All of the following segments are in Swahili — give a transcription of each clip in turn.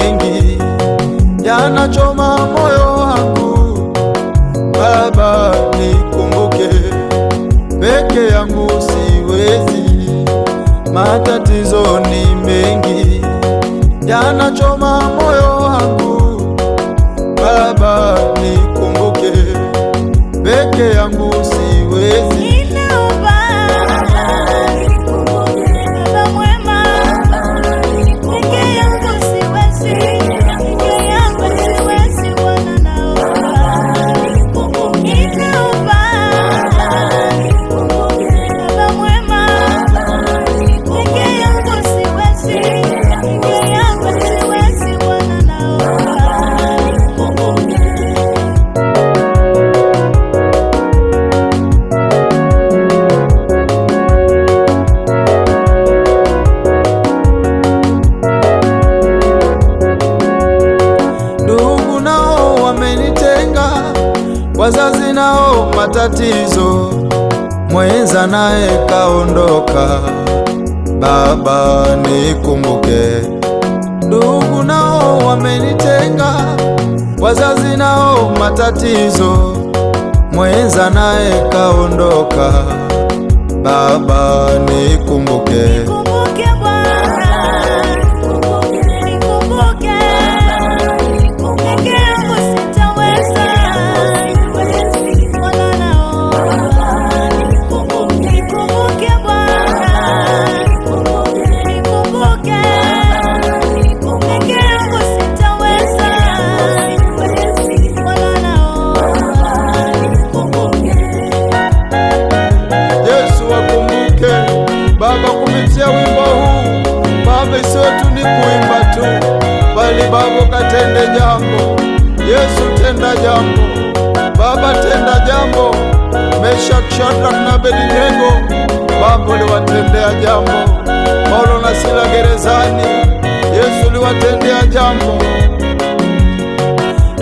mengi yanachoma moyo wangu Baba, nikumbuke peke yangu siwezi, matatizo ni mengi yanachoma moyo matatizo, mwenza naye kaondoka. Baba nikumbuke, ndugu nao wamenitenga, wazazi nao matatizo, mwenza naye kaondoka. Baba nikumbuke Roho katende jambo, Yesu tenda jambo, Baba tenda jambo. mesha Shadraka na Abednego Baba uliwatendea jambo, Paulo na Sila gerezani, Yesu uliwatendea jambo.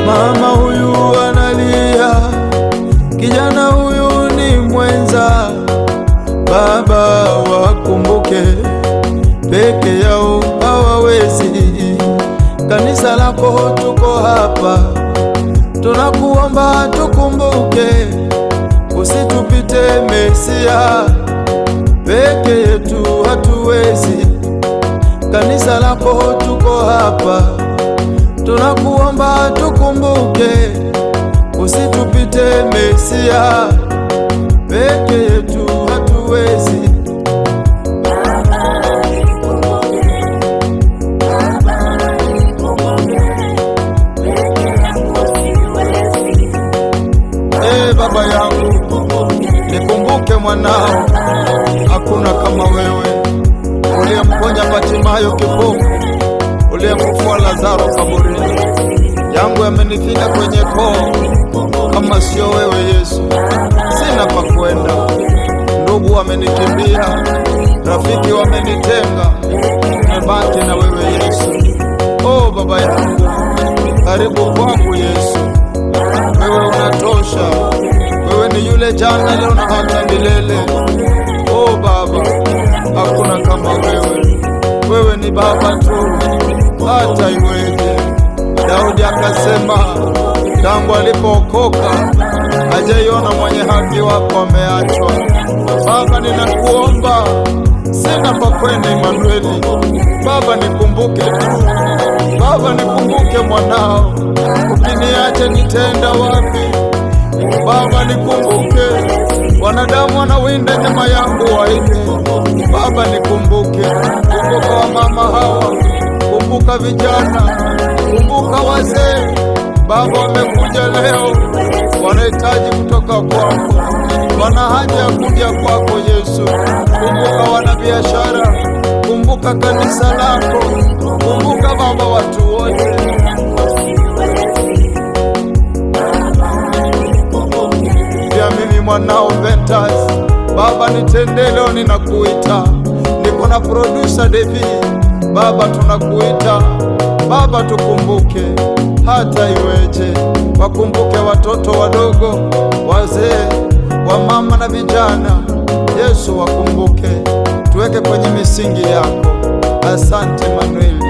Mama huyu analia, kijana huyu ni mwenza, Baba wakumbuke peke kanisa lako tuko hapa, tunakuomba tukumbuke, usitupite Mesia, peke yetu hatuwezi. Kanisa lako tuko hapa, tunakuomba tukumbuke, usitupite Mesia, peke Bartimayo kipofu, uliyekufa Lazaro kaburini. Yangu yamenifika kwenye koo, kama sio wewe Yesu sina pa kwenda. Ndugu wamenikimbia, rafiki wamenitenga, nimebaki na wewe Yesu. Oh Baba yangu, karibu kwangu Yesu, wewe unatosha. Wewe ni yule jana, leo na hata milele. Oh Baba, hakuna kama wewe wewe ni baba tu, hata iweje? Daudi akasema tangu alipookoka hajaiona mwenye haki wako ameachwa. Baba, ninakuomba sina pa kwenda, Imanueli. Baba, nikumbuke tu, Baba, nikumbuke mwanao. Ukiniacha nitenda wapi? Baba, nikumbuke. Wanadamu wanawinda nyama yangu waine Baba, nikumbuke, kumbuka vijana, kumbuka wazee. Baba, wamekuja leo, wanahitaji kutoka kwako, wana haja ya kuja kwako Yesu. Kumbuka wanabiashara, kumbuka kanisa lako, kumbuka Baba watu wote pia mimi mwanao Ventus, Baba nitende leo, ninakuita niko na producer David Baba, tunakuita Baba, tukumbuke hata iweje, wakumbuke watoto wadogo, wazee, wamama na vijana. Yesu, wakumbuke, tuweke kwenye misingi yako. Asante Manueli.